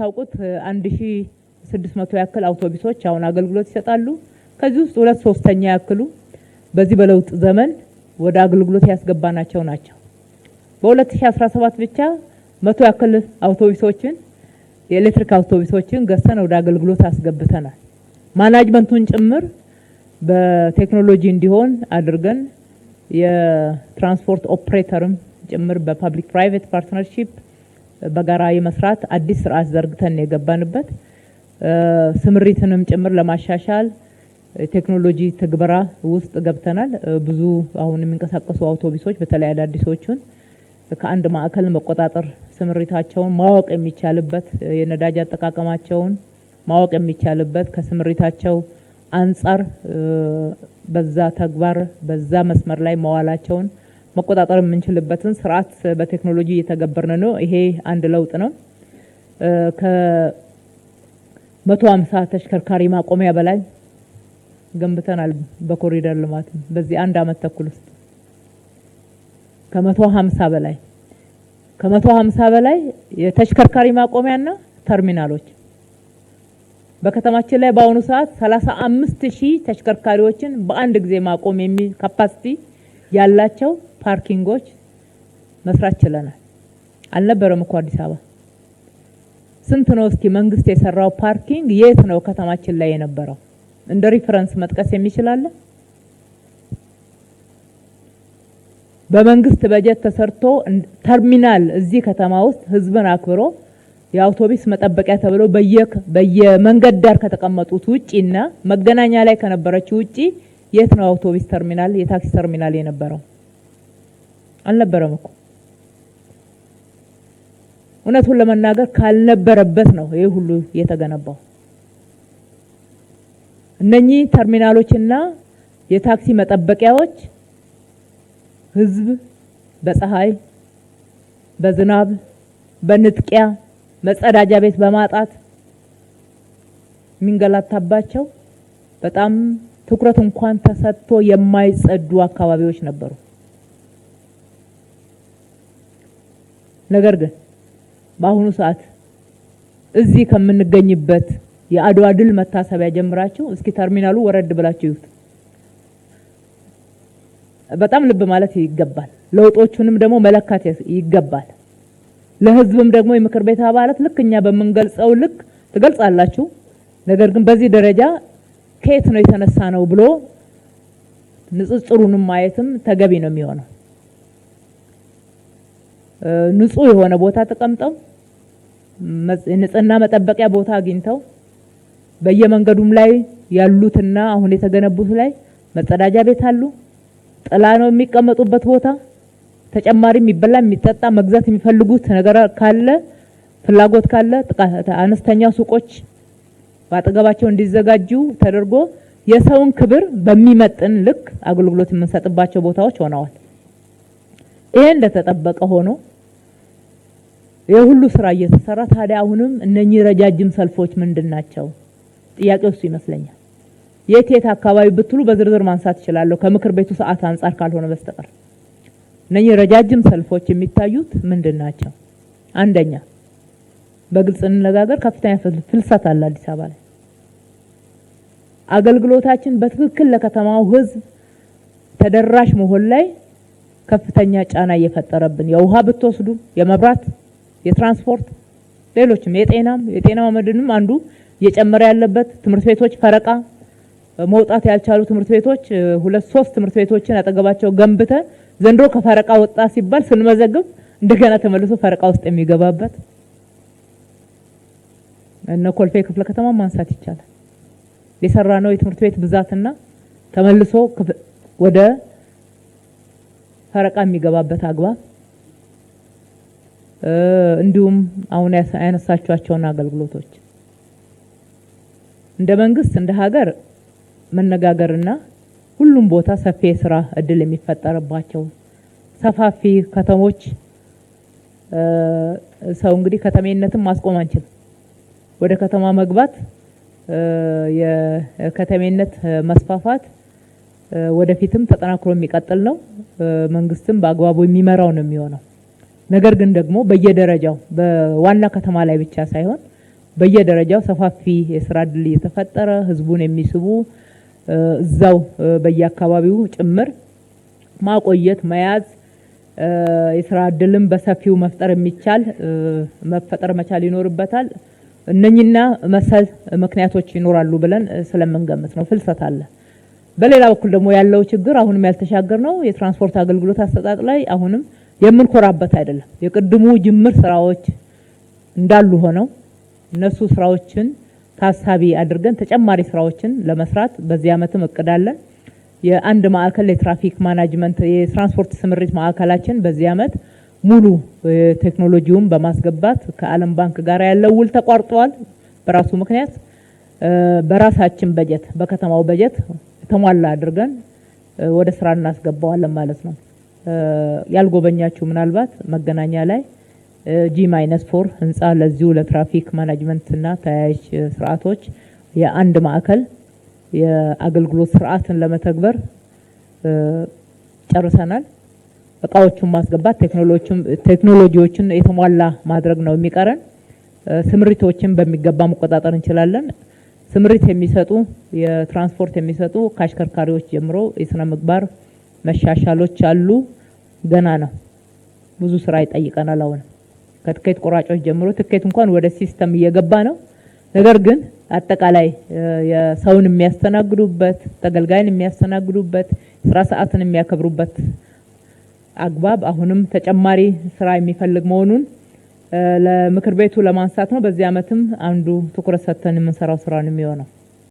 ታውቁት አንድ ሺ ስድስት መቶ ያክል አውቶቡሶች አሁን አገልግሎት ይሰጣሉ። ከዚህ ውስጥ ሁለት ሶስተኛ ያክሉ በዚህ በለውጥ ዘመን ወደ አገልግሎት ያስገባናቸው ናቸው። በ2017 ብቻ መቶ ያክል አውቶቡሶችን የኤሌክትሪክ አውቶቡሶችን ገዝተን ወደ አገልግሎት አስገብተናል። ማናጅመንቱን ጭምር በቴክኖሎጂ እንዲሆን አድርገን የትራንስፖርት ኦፕሬተርም ጭምር በፓብሊክ ፕራይቬት ፓርትነርሺፕ በጋራ የመስራት አዲስ ስርዓት ዘርግተን የገባንበት ስምሪትንም ጭምር ለማሻሻል ቴክኖሎጂ ትግበራ ውስጥ ገብተናል። ብዙ አሁን የሚንቀሳቀሱ አውቶቡሶች በተለይ አዳዲሶቹን ከአንድ ማዕከል መቆጣጠር ስምሪታቸውን ማወቅ የሚቻልበት የነዳጅ አጠቃቀማቸውን ማወቅ የሚቻልበት ከስምሪታቸው አንጻር በዛ ተግባር በዛ መስመር ላይ መዋላቸውን መቆጣጠር የምንችልበትን ስርዓት በቴክኖሎጂ እየተገበርን ነው። ይሄ አንድ ለውጥ ነው። ከመቶ ሃምሳ ተሽከርካሪ ማቆሚያ በላይ ገንብተናል በኮሪደር ልማት በዚህ አንድ አመት ተኩል ውስጥ ከመቶ ሀምሳ በላይ ከመቶ ሀምሳ በላይ የተሽከርካሪ ማቆሚያና ተርሚናሎች በከተማችን ላይ በአሁኑ ሰዓት ሰላሳ አምስት ሺህ ተሽከርካሪዎችን በአንድ ጊዜ ማቆም የሚል ካፓሲቲ ያላቸው ፓርኪንጎች መስራት ችለናል። አልነበረም እኮ አዲስ አበባ ስንት ነው እስኪ መንግስት የሰራው ፓርኪንግ የት ነው ከተማችን ላይ የነበረው? እንደ ሪፈረንስ መጥቀስ የሚችላለ? በመንግስት በጀት ተሰርቶ ተርሚናል እዚህ ከተማ ውስጥ ህዝብን አክብሮ የአውቶቡስ መጠበቂያ ተብሎ በየመንገድ ዳር ከተቀመጡት ውጪና መገናኛ ላይ ከነበረችው ውጪ የት ነው አውቶቡስ ተርሚናል የታክሲ ተርሚናል የነበረው? አልነበረም እኮ። እውነቱን ለመናገር ካልነበረበት ነው ይህ ሁሉ የተገነባው። እነኚህ ተርሚናሎችና የታክሲ መጠበቂያዎች ህዝብ በፀሐይ፣ በዝናብ፣ በንጥቂያ መጸዳጃ ቤት በማጣት የሚንገላታባቸው በጣም ትኩረት እንኳን ተሰጥቶ የማይጸዱ አካባቢዎች ነበሩ። ነገር ግን በአሁኑ ሰዓት እዚህ ከምንገኝበት የአድዋ ድል መታሰቢያ ጀምራችሁ እስኪ ተርሚናሉ ወረድ ብላችሁ ይዩት። በጣም ልብ ማለት ይገባል። ለውጦቹንም ደግሞ መለካት ይገባል። ለህዝብም ደግሞ የምክር ቤት አባላት ልክ እኛ በምንገልጸው ልክ ትገልጻላችሁ። ነገር ግን በዚህ ደረጃ ከየት ነው የተነሳ ነው ብሎ ንጽጽሩንም ማየትም ተገቢ ነው የሚሆነው። ንጹህ የሆነ ቦታ ተቀምጠው ንጽህና መጠበቂያ ቦታ አግኝተው በየመንገዱም ላይ ያሉትና አሁን የተገነቡት ላይ መጸዳጃ ቤት አሉ። ጥላ ነው የሚቀመጡበት ቦታ። ተጨማሪ የሚበላ የሚጠጣ መግዛት የሚፈልጉት ነገር ካለ ፍላጎት ካለ አነስተኛ ሱቆች በአጠገባቸው እንዲዘጋጁ ተደርጎ የሰውን ክብር በሚመጥን ልክ አገልግሎት የምንሰጥባቸው ቦታዎች ሆነዋል። ይሄ እንደተጠበቀ ሆኖ የሁሉ ስራ እየተሰራ ታዲያ አሁንም እነኚህ ረጃጅም ሰልፎች ምንድን ናቸው? ጥያቄው እሱ ይመስለኛል። የት የት አካባቢ ብትሉ በዝርዝር ማንሳት እችላለሁ ከምክር ቤቱ ሰዓት አንጻር ካልሆነ በስተቀር እነኚህ ረጃጅም ሰልፎች የሚታዩት ምንድን ናቸው? አንደኛ በግልጽ እንነጋገር፣ ከፍተኛ ፍልሰት አለ አዲስ አበባ ላይ። አገልግሎታችን በትክክል ለከተማው ህዝብ ተደራሽ መሆን ላይ ከፍተኛ ጫና እየፈጠረብን የውሃ ብትወስዱ የመብራት፣ የትራንስፖርት፣ ሌሎችም የጤናም የጤናው መድንም አንዱ እየጨመረ ያለበት ትምህርት ቤቶች ፈረቃ መውጣት ያልቻሉ ትምህርት ቤቶች ሁለት ሶስት ትምህርት ቤቶችን አጠገባቸው ገንብተን ዘንድሮ ከፈረቃ ወጣ ሲባል ስንመዘግብ እንደገና ተመልሶ ፈረቃ ውስጥ የሚገባበት እነ ኮልፌ ክፍለ ከተማ ማንሳት ይቻላል። የሰራ ነው የትምህርት ቤት ብዛትና ተመልሶ ወደ ፈረቃ የሚገባበት አግባብ እንዲሁም አሁን ያነሳችኋቸውን አገልግሎቶች እንደ መንግስት እንደ ሀገር መነጋገርና ሁሉም ቦታ ሰፊ የስራ እድል የሚፈጠርባቸው ሰፋፊ ከተሞች ሰው እንግዲህ ከተሜነትን ማስቆም አንችልም። ወደ ከተማ መግባት የከተሜነት መስፋፋት ወደፊትም ተጠናክሮ የሚቀጥል ነው። መንግስትም በአግባቡ የሚመራው ነው የሚሆነው። ነገር ግን ደግሞ በየደረጃው በዋና ከተማ ላይ ብቻ ሳይሆን በየደረጃው ሰፋፊ የስራ እድል እየተፈጠረ ህዝቡን የሚስቡ እዛው በየአካባቢው ጭምር ማቆየት መያዝ የስራ እድልም በሰፊው መፍጠር የሚቻል መፈጠር መቻል ይኖርበታል። እነኚና መሰል ምክንያቶች ይኖራሉ ብለን ስለምንገምት ነው ፍልሰት አለ። በሌላ በኩል ደግሞ ያለው ችግር አሁንም ያልተሻገር ነው። የትራንስፖርት አገልግሎት አሰጣጥ ላይ አሁንም የምንኮራበት አይደለም። የቅድሙ ጅምር ስራዎች እንዳሉ ሆነው እነሱ ስራዎችን ታሳቢ አድርገን ተጨማሪ ስራዎችን ለመስራት በዚህ ዓመትም እቅዳለን። የአንድ ማዕከል የትራፊክ ማናጅመንት የትራንስፖርት ስምሪት ማዕከላችን በዚህ ዓመት ሙሉ ቴክኖሎጂውን በማስገባት ከዓለም ባንክ ጋር ያለው ውል ተቋርጧል። በራሱ ምክንያት በራሳችን በጀት በከተማው በጀት ተሟላ አድርገን ወደ ስራ እናስገባዋለን ማለት ነው። ያልጎበኛችሁ ምናልባት መገናኛ ላይ ጂ ማይነስ ፎር ህንፃ ለዚሁ ለትራፊክ እና ተያያዥ ስርዓቶች የአንድ ማዕከል የአገልግሎት ስርዓትን ለመተግበር ጨርሰናል። እቃዎቹን ማስገባት ቴክኖሎጂዎችን የተሟላ ማድረግ ነው የሚቀረን። ስምሪቶችን በሚገባ መቆጣጠር እንችላለን። ስምሪት የሚሰጡ የትራንስፖርት የሚሰጡ ከአሽከርካሪዎች ጀምሮ የስነ ምግባር መሻሻሎች አሉ። ገና ነው፣ ብዙ ስራ ይጠይቀናል። አሁን ከትኬት ቆራጮች ጀምሮ ትኬት እንኳን ወደ ሲስተም እየገባ ነው። ነገር ግን አጠቃላይ የሰውን የሚያስተናግዱበት ተገልጋይን የሚያስተናግዱበት ስራ ሰዓትን የሚያከብሩበት አግባብ አሁንም ተጨማሪ ስራ የሚፈልግ መሆኑን ለምክር ቤቱ ለማንሳት ነው። በዚህ አመትም አንዱ ትኩረት ሰጥተን የምንሰራው ስራ ነው የሚሆነው።